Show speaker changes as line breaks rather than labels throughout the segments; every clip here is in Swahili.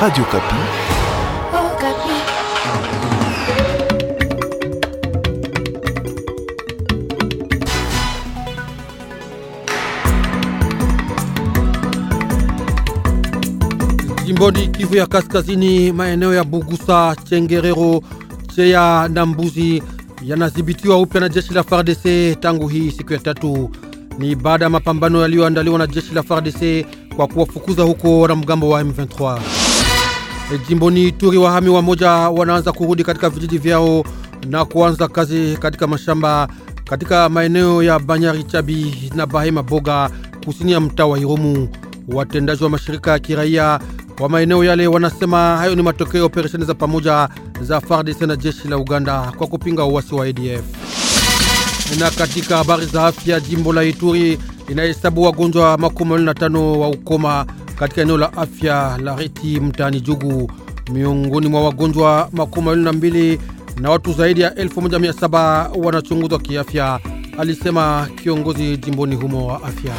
Radio Kapi.
Oh, Kapi.
Jimboni Kivu ya Kaskazini, maeneo ya Bugusa, Chengerero, Cheya na Mbuzi yanadhibitiwa upya na jeshi la FARDC tangu hii siku ya tatu. Ni baada ya mapambano yaliyoandaliwa na jeshi la FARDC kwa kuwafukuza huko wanamgambo wa M23. Eh, jimboni Ituri, wahami wa moja wanaanza kurudi katika vijiji vyao na kuanza kazi katika mashamba katika maeneo ya Banyari Chabi na Bahema Boga kusini ya mtaa wa Irumu. Watendaji wa mashirika ya kiraia wa maeneo yale wanasema hayo ni matokeo ya operesheni za pamoja za FARDC na jeshi la Uganda kwa kupinga uasi wa ADF. Na katika habari za afya, jimbo la Ituri inahesabu wagonjwa makumi mawili na tano wa ukoma katika eneo la afya la Reti mtaani Jugu. Miongoni mwa wagonjwa makumi mawili na mbili na watu zaidi ya 17 wanachunguzwa kiafya, alisema kiongozi jimboni humo wa afya.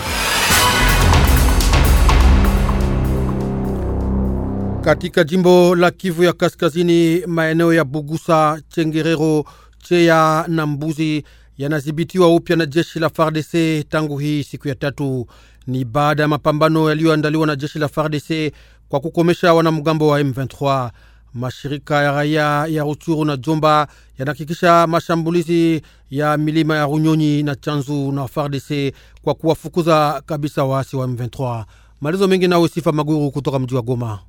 Katika jimbo la Kivu ya Kaskazini, maeneo ya Bugusa, Chengerero, Cheya na Mbuzi yanadhibitiwa upya na jeshi la FARDC tangu hii siku ya tatu ni baada ya mapambano yaliyoandaliwa na jeshi la FARDC kwa kukomesha wanamgambo wa M23. Mashirika ya raia ya Ruchuru na Jomba yanahakikisha mashambulizi ya milima ya Runyonyi na Chanzu na FARDC kwa kuwafukuza kabisa waasi wa M23. Maelezo mengi nawe Sifa Maguru kutoka mji wa Goma.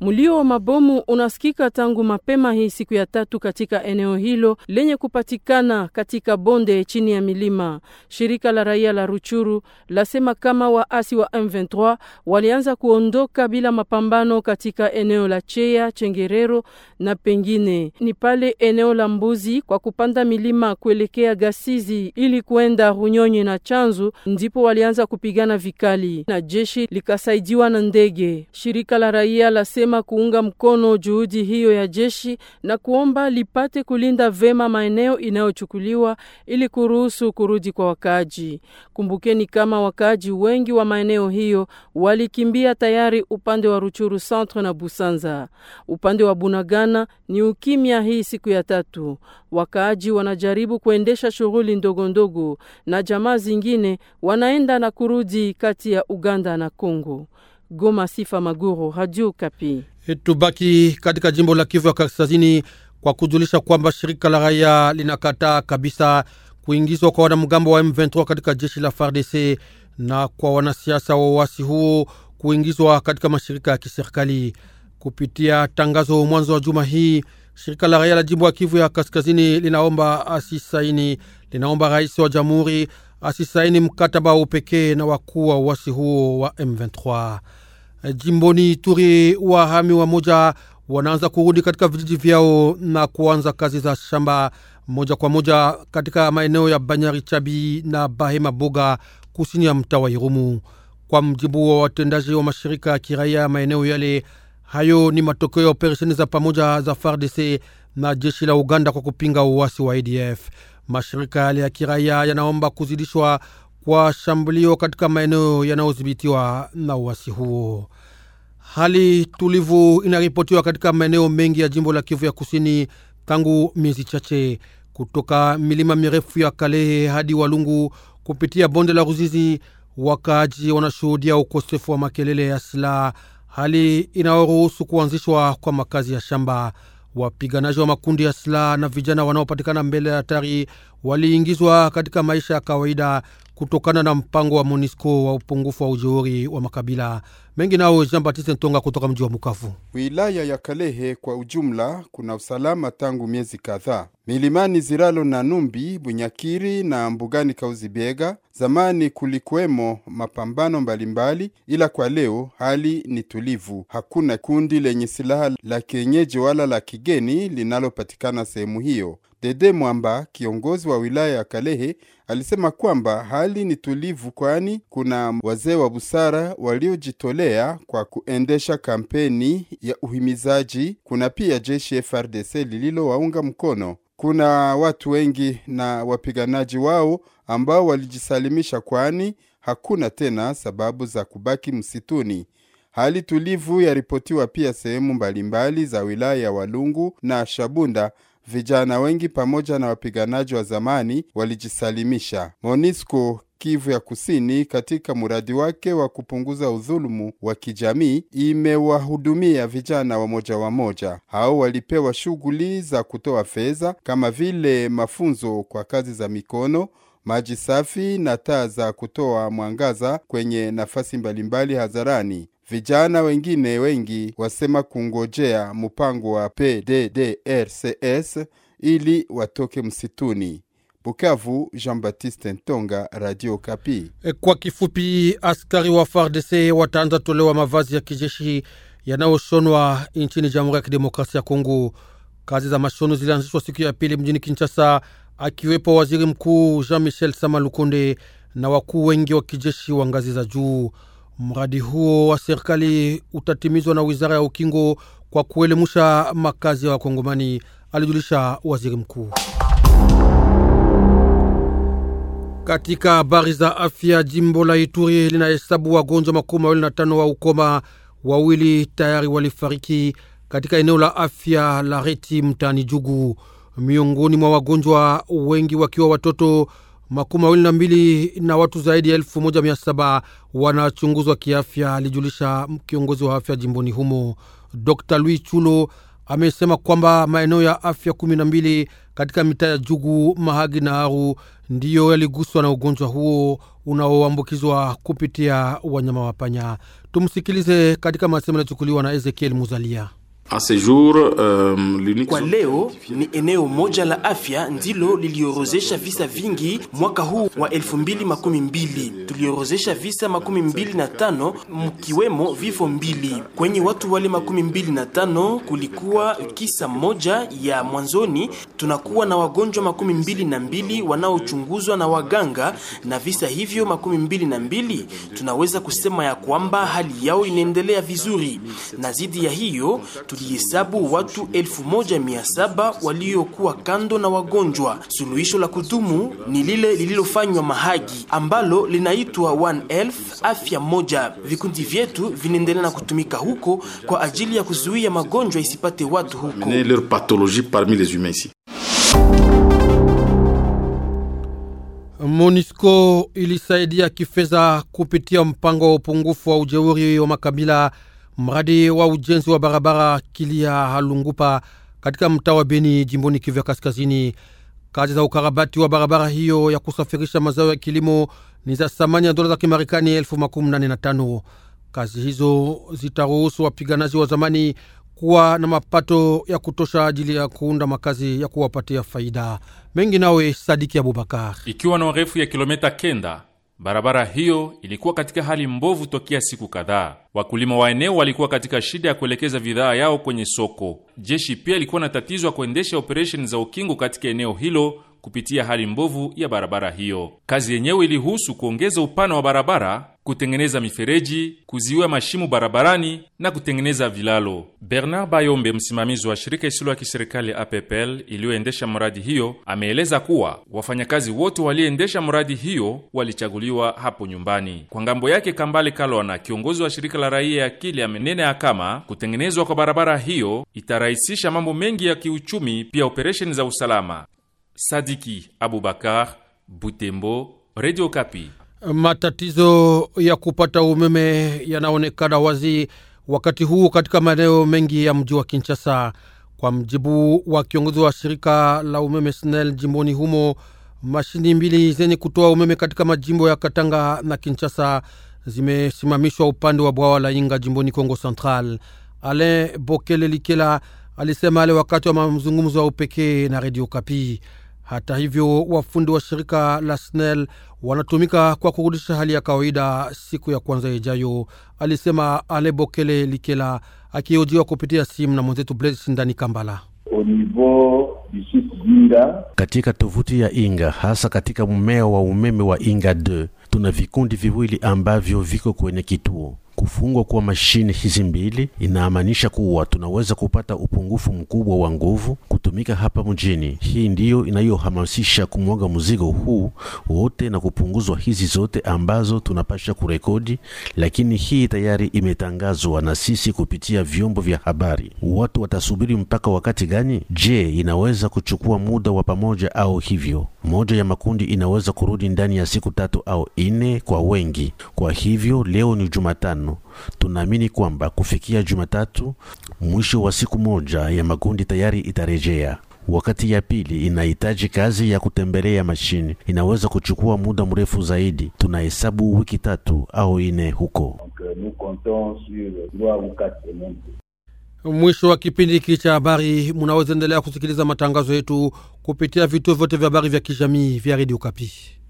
Mlio wa mabomu unasikika tangu mapema hii siku ya tatu katika eneo hilo lenye kupatikana katika bonde chini ya milima. Shirika la raia la Ruchuru lasema kama waasi wa M23 walianza kuondoka bila mapambano katika eneo la Cheya, Chengerero na pengine ni pale eneo la Mbuzi kwa kupanda milima kuelekea Gasizi ili kuenda Runyonyi na Chanzu, ndipo walianza kupigana vikali na jeshi likasaidiwa na ndege. Shirika la raia la amesema kuunga mkono juhudi hiyo ya jeshi na kuomba lipate kulinda vema maeneo inayochukuliwa ili kuruhusu kurudi kwa wakaaji. Kumbukeni kama wakaaji wengi wa maeneo hiyo walikimbia tayari upande wa Ruchuru Centre na Busanza. Upande wa Bunagana ni ukimya hii siku ya tatu. Wakaaji wanajaribu kuendesha shughuli ndogo ndogo na jamaa zingine wanaenda na kurudi kati ya Uganda na Kongo. Goma. Sifa Maguru, Radio Kapi.
E, tubaki katika jimbo la Kivu ya Kaskazini kwa kujulisha kwamba shirika la raia linakataa kabisa kuingizwa kwa wanamgambo wa M23 katika jeshi la FARDC na kwa wanasiasa wa uasi huo kuingizwa katika mashirika ya kiserikali. Kupitia tangazo mwanzo wa juma hii, shirika la raia la jimbo ya Kivu ya Kaskazini linaomba asisaini, linaomba rais wa jamhuri asisaini mkataba wa upekee na wakuu wa uasi huo wa M23. Jimboni Ituri, wahami wa moja wanaanza kurudi katika vijiji vyao na kuanza kazi za shamba moja kwa moja katika maeneo ya Banyari Chabi na Bahema Boga kusini ya mtaa wa Irumu. Kwa mjibu wa watendaji wa mashirika ya kiraia maeneo yale, hayo ni matokeo ya operesheni za pamoja za FARDC na jeshi la Uganda kwa kupinga uasi wa ADF mashirika yale ya kiraia yanaomba kuzidishwa kwa shambulio katika maeneo yanayodhibitiwa na uasi huo. Hali tulivu inaripotiwa katika maeneo mengi ya jimbo la Kivu ya kusini tangu miezi chache, kutoka milima mirefu ya Kalehe hadi Walungu kupitia bonde la Ruzizi. Wakaaji wanashuhudia ukosefu wa makelele ya silaha, hali inayoruhusu kuanzishwa kwa makazi ya shamba. Wapiganaji wa makundi ya silaha na vijana wanaopatikana mbele ya hatari waliingizwa katika maisha ya kawaida kutokana na mpango wa MONUSCO wa upungufu wa ujeuri wa makabila mengi nao Jean Baptiste Ntonga kutoka mji wa Bukavu.
Wilaya ya Kalehe kwa ujumla kuna usalama tangu miezi kadhaa. Milimani Ziralo na Numbi, Bunyakiri na mbugani kauzi biega zamani kulikuwemo mapambano mbalimbali, ila kwa leo hali ni tulivu. Hakuna kundi lenye silaha la kienyeji wala la kigeni linalopatikana sehemu hiyo. Dede Mwamba, kiongozi wa wilaya ya Kalehe, alisema kwamba hali ni tulivu, kwani kuna wazee wa busara waliojitolea kuendelea kwa kuendesha kampeni ya uhimizaji. Kuna pia jeshi FRDC lililowaunga mkono. Kuna watu wengi na wapiganaji wao ambao walijisalimisha, kwani hakuna tena sababu za kubaki msituni. Hali tulivu yaripotiwa pia sehemu mbalimbali za wilaya ya Walungu na Shabunda. Vijana wengi pamoja na wapiganaji wa zamani walijisalimisha. Monisco Kivu ya Kusini katika mradi wake wa kupunguza udhulumu wa kijamii imewahudumia vijana wamoja wamoja. Hao walipewa shughuli za kutoa fedha kama vile mafunzo kwa kazi za mikono, maji safi na taa za kutoa mwangaza kwenye nafasi mbalimbali hadharani. Vijana wengine wengi wasema kungojea mpango wa PDDRCS ili watoke msituni. Bukavu, Jean-Baptiste Ntonga, Radio Kapi.
E, kwa kifupi, askari wa FARDC wataanza tolewa mavazi ya kijeshi yanayoshonwa nchini Jamhuri ya Kidemokrasia ya Kongo. Kazi za mashono zilianzishwa siku ya pili mjini Kinshasa, akiwepo waziri mkuu Jean-Michel Sama Lukonde na wakuu wengi wa kijeshi wa ngazi za juu. Mradi huo wa serikali utatimizwa na wizara ya ukingo kwa kuelemusha makazi ya wa Wakongomani, alijulisha waziri mkuu. Katika habari za afya, jimbo la Ituri linahesabu wagonjwa makumi mawili na tano wa ukoma, wawili tayari walifariki katika eneo la afya la Reti mtaani Jugu, miongoni mwa wagonjwa wengi wakiwa watoto makumi mawili na mbili na watu zaidi ya elfu moja mia saba wanachunguzwa kiafya, alijulisha kiongozi wa afya jimboni humo Dr Louis Chulo amesema kwamba maeneo ya afya kumi na mbili katika mitaa ya Jugu, Mahagi na Aru ndiyo yaliguswa na ugonjwa huo unaoambukizwa kupitia wanyama wa panya. Tumsikilize katika masemo yaliyochukuliwa na Ezekiel Muzalia.
Euh, Kwa leo
ni eneo moja la afya ndilo liliorozesha visa vingi mwaka huu wa 2012. Tuliorozesha visa makumi mbili na tano mkiwemo vifo mbili. Kwenye watu wale makumi mbili na tano kulikuwa kisa moja ya mwanzoni. Tunakuwa na wagonjwa makumi mbili na mbili wanaochunguzwa na waganga, na visa hivyo makumi mbili na mbili tunaweza kusema ya kwamba hali yao inaendelea vizuri, na zidi ya hiyo tuli walihesabu watu 1700 waliokuwa kando na wagonjwa. Suluhisho la kudumu ni lile lililofanywa Mahagi ambalo linaitwa One Health, afya moja. Vikundi vyetu vinaendelea na kutumika huko kwa ajili ya kuzuia magonjwa isipate watu huko. Monisco ilisaidia kifedha kupitia mpango wa upungufu wa ujeuri wa makabila Mradi wa ujenzi wa barabara Kilia Halungupa katika mtaa wa Beni jimboni Kivu ya Kaskazini. Kazi za ukarabati wa barabara hiyo ya kusafirisha mazao ya kilimo ni za thamani ya dola za Kimarekani elfu makumi nane na tano. Kazi hizo zitaruhusu wapiganaji wa zamani kuwa na mapato ya kutosha ajili ya kuunda makazi ya kuwapatia faida mengi. Nawe Sadiki Abubakar.
Ikiwa na urefu ya kilometa kenda Barabara hiyo ilikuwa katika hali mbovu tokea siku kadhaa. Wakulima wa eneo walikuwa katika shida ya kuelekeza bidhaa yao kwenye soko. Jeshi pia ilikuwa na tatizo ya kuendesha operesheni za ukingo katika eneo hilo kupitia hali mbovu ya barabara hiyo. Kazi yenyewe ilihusu kuongeza upana wa barabara kutengeneza mifereji, kuziwa mashimo barabarani na kutengeneza vilalo. Bernard Bayombe, msimamizi wa shirika isilo ya kiserikali APPEL iliyoendesha mradi hiyo, ameeleza kuwa wafanyakazi wote waliendesha mradi hiyo walichaguliwa hapo nyumbani. Kwa ngambo yake, Kambale Kalwana, kiongozi wa shirika la raia ya Kili, amenena ya kama kutengenezwa kwa barabara hiyo itarahisisha mambo mengi ya kiuchumi, pia operesheni za usalama. Sadiki Abubakar, Butembo, Radio Kapi.
Matatizo ya kupata umeme yanaonekana wazi wakati huu katika maeneo mengi ya mji wa Kinshasa. Kwa mjibu wa kiongozi wa shirika la umeme SNEL jimboni humo, mashini mbili zenye kutoa umeme katika majimbo ya Katanga na Kinshasa zimesimamishwa upande wa bwawa la Inga jimboni congo Central. Alain Bokele Likela alisema ale wakati wa mazungumzo ya upekee na Radio Kapi. Hata hivyo, wafundi wa shirika la SNEL wanatumika kwa kurudisha hali ya kawaida siku ya kwanza ijayo, alisema Alebokele Likela akihojiwa kupitia simu na mwenzetu Blaise ndani Kambala.
Katika tovuti ya Inga, hasa katika mmea wa umeme wa Inga 2 tuna vikundi viwili ambavyo viko kwenye kituo Kufungwa kwa mashine hizi mbili inaamanisha kuwa tunaweza kupata upungufu mkubwa wa nguvu kutumika hapa mjini. Hii ndiyo inayohamasisha kumwaga mzigo huu wote na kupunguzwa hizi zote ambazo tunapasha kurekodi, lakini hii tayari imetangazwa na sisi kupitia vyombo vya habari. Watu watasubiri mpaka wakati gani? Je, inaweza kuchukua muda wa pamoja au hivyo? moja ya makundi inaweza kurudi ndani ya siku tatu au ine kwa wengi. Kwa hivyo leo ni Jumatano, tunaamini kwamba kufikia Jumatatu mwisho wa siku moja ya makundi tayari itarejea. Wakati ya pili inahitaji kazi ya kutembelea mashini, inaweza kuchukua muda mrefu zaidi. Tunahesabu wiki tatu au ine huko.
Euh,
Mwisho wa kipindi hiki cha habari, munaweza endelea kusikiliza matangazo yetu kupitia vituo vyote vya habari vya kijamii vya redio Kapi.